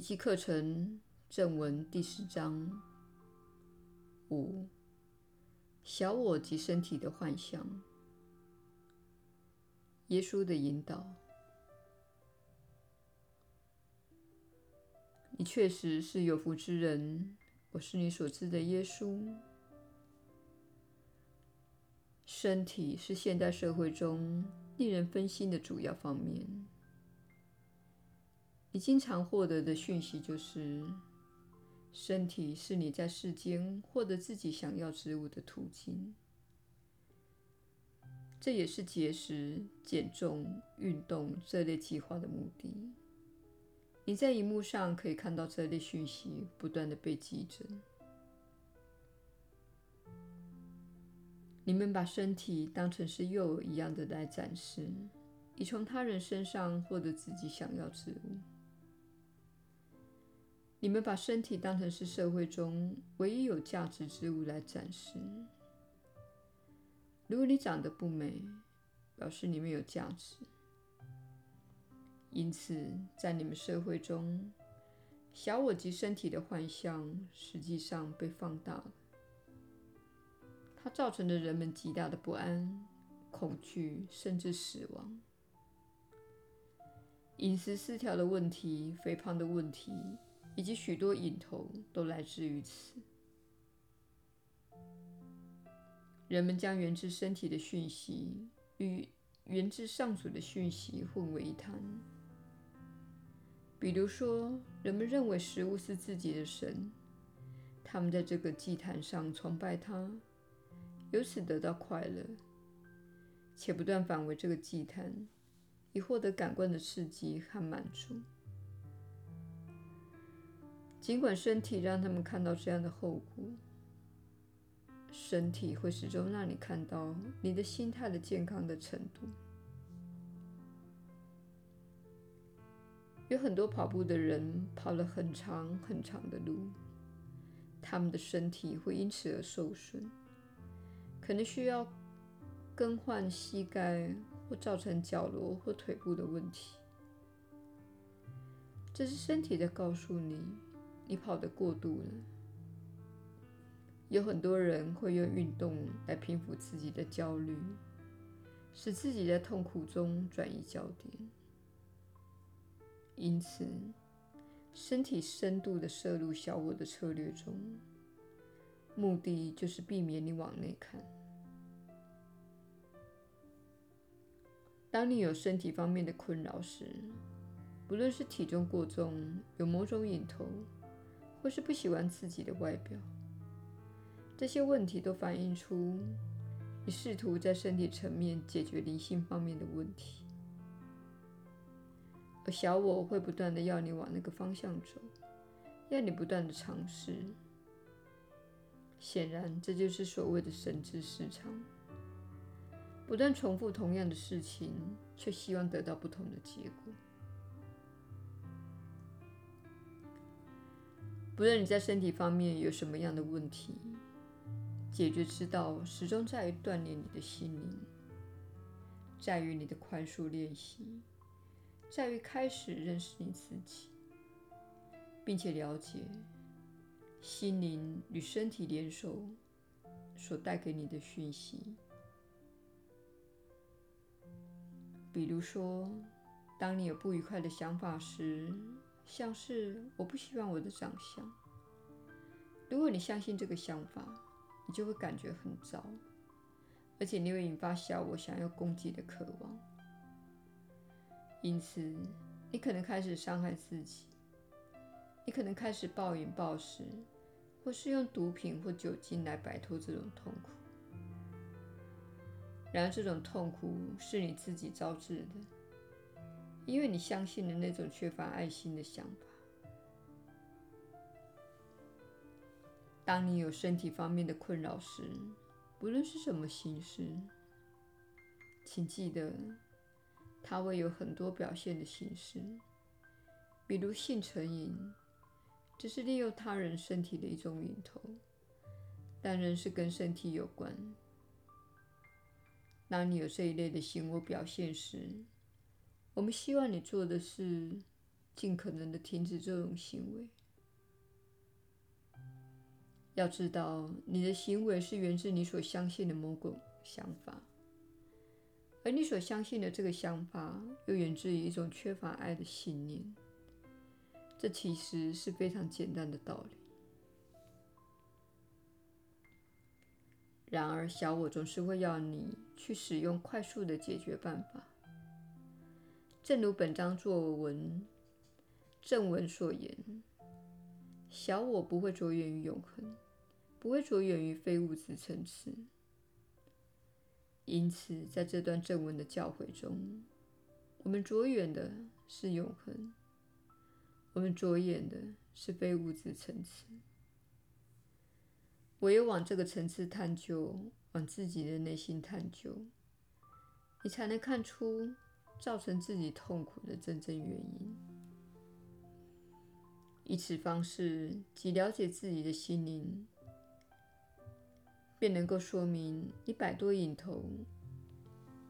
奇蹟課程正文第十章五：小我即身體的幻相。耶穌的引導。你確實是有福之人，我是你所知的耶穌。身體是現代社會中令人分心的主要方面。你經常獲得的訊息就是，身體是你在世間獲得自己想要之物的途徑。這也是節食、減重、運動這類計劃的目的。你在熒幕上可以看到這類訊息不斷的被激增。你們把身體當成是誘餌一樣的來展示，以從他人身上獲得自己想要之物。你們把身體當成是社會中唯一有價值之物來展示。如果你長得不美，表示你沒有價值。因此，在你們社會中，小我即身體的幻相實際上被放大了。它造成了人們極大的不安、恐懼，甚至死亡。飲食失調的問題，肥胖的問題。以及許多癮頭都來自於此。人們將源自身體的訊息與源自上主的訊息混為一談。比如說，人們認為食物是自己的神，他們在這個祭壇上崇拜它，由此得到快樂，且不斷返回這個祭壇，以獲得感官的刺激和滿足。儘管身體讓他們看到這樣的後果，身體會始終讓你看到你的心態的健康的程度。有很多跑步的人跑了很長很長的路，他們的身體會因此而受損，可能需要更換膝蓋或造成腳踝或腿部的問題。這是身體在告訴你。你跑得過度了。有很多人會用運動來平撫自己的焦慮，使自己在痛苦中轉移焦點。因此，身體深度地涉入小我的策略中，目的就是避免你往內看。當你有身體方面的困擾時，不論是體重過重，有某種癮頭。或是不喜歡自己的外表，這些問題都反映出，你試圖在身體層面解決靈性方面的問題，而小我會不斷的要你往那個方向走，要你不斷的嘗試。顯然，這就是所謂的神智失常，不斷重複同樣的事情，卻希望得到不同的結果。無論你在身體方面有什麼樣的問題，解決之道始終在於鍛鍊你的心靈，在於你的寬恕練習，在於開始認識你自己，並且了解心靈與身體聯手所帶給你的訊息。比如說，當你有不愉快的想法時，像是我不喜歡我的長相。如果你相信這個想法，你就會感覺很糟，而且你會引發小我想要攻擊的渴望。因此，你可能開始傷害自己，你可能開始暴飲暴食，或是用毒品或酒精來擺脫這種痛苦。然而，這種痛苦是你自己招致的。因為你相信了那種缺乏愛心的想法。當你有身體方面的困擾時，不論是什麼形式，請記得，它會有很多表現的形式，比如性成癮，這是利用他人身體的一種癮頭，但仍是跟身體有關。當你有這一類的行為表現時，我們希望你做的是，盡可能的停止這種行為。要知道，你的行為是源自你所相信的某個想法，而你所相信的這個想法又源自於一種缺乏愛的信念。這其實是非常簡單的道理。然而，小我總是會要你去使用快速的解決辦法。正如本章作文正文所言，小我不會着眼於永恆，不會着眼於非物質層次。因此，在這段正文的教誨中，我們着眼的是永恆，我們着眼的是非物質層次。唯有往這個層次探究，往自己的內心探究，你才能看出。造成自己痛苦的真正原因。以此方式，即了解自己的心靈，便能夠說明你擺脫癮頭，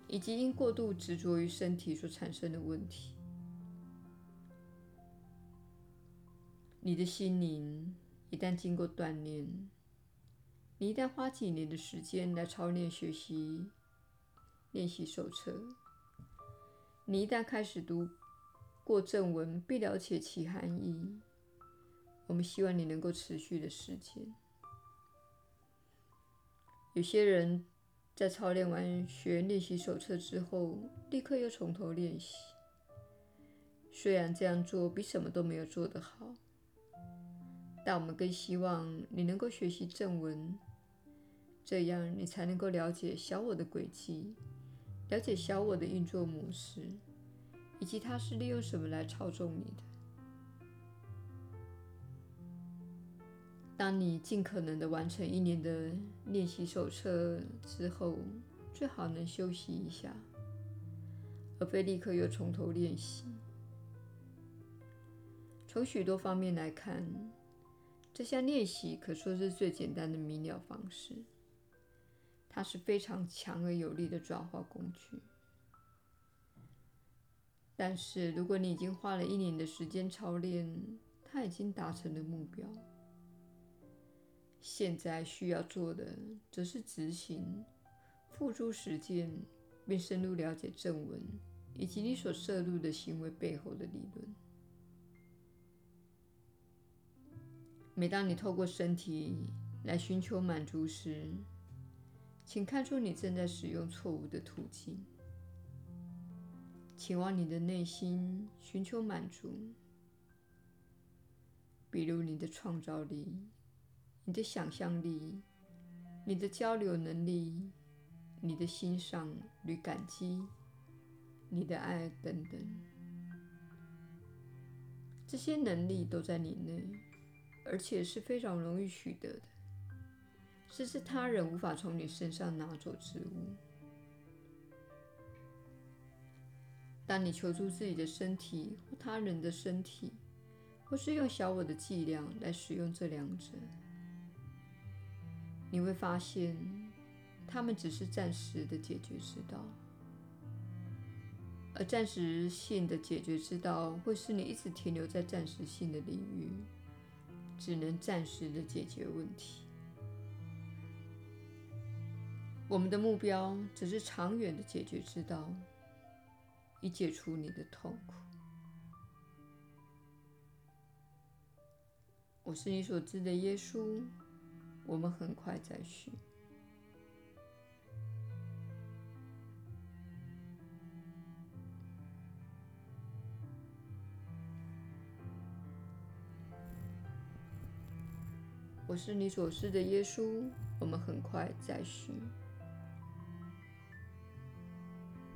以及因過度執着於身體所產生的問題。你的心靈一旦經過鍛煉，你一旦花幾年的時間來操練學員練習手冊。你一旦開始讀過正文，並了解其含義。我們希望你能夠持續的實踐。有些人在操練完學員練習手冊之後，立刻又從頭練習。雖然這樣做比什麼都沒有做得好，但我們更希望你能夠學習正文，這樣你才能夠了解小我的詭計。了解小我的運作模式，以及它是利用什麼來操縱你的。當你盡可能的完成一年的練習手冊之後，最好能休息一下，而非立刻又重頭練習。從許多方面來看，這項練習可說是最簡單的明了方式。它是非常強而有力的轉化工具，但是如果你已經花了一年的時間操練，它已經達成了目標，現在需要做的則是執行、付諸實踐，並深入了解正文以及你所涉入的行為背後的理論。每當你透過身體來尋求滿足時，請看出你正在使用錯誤的途徑，請往你的內心尋求滿足，比如你的創造力、你的想象力、你的交流能力、你的欣賞與感激、你的愛等等。這些能力都在你內，而且是非常容易取得的。這是他人無法從你身上拿走之物。當你求諸自己的身體或他人的身體，或是用小我的伎倆來使用這兩者，你會發現，它們只是暫時的解決之道，而暫時性的解決之道會使你一直停留在暫時性的領域，只能暫時的解決問題。我們的目標只是長遠的解決之道，以解除你的痛苦。我是你所知的耶穌，我們很快再敘。我是你所知的耶穌，我們很快再敘。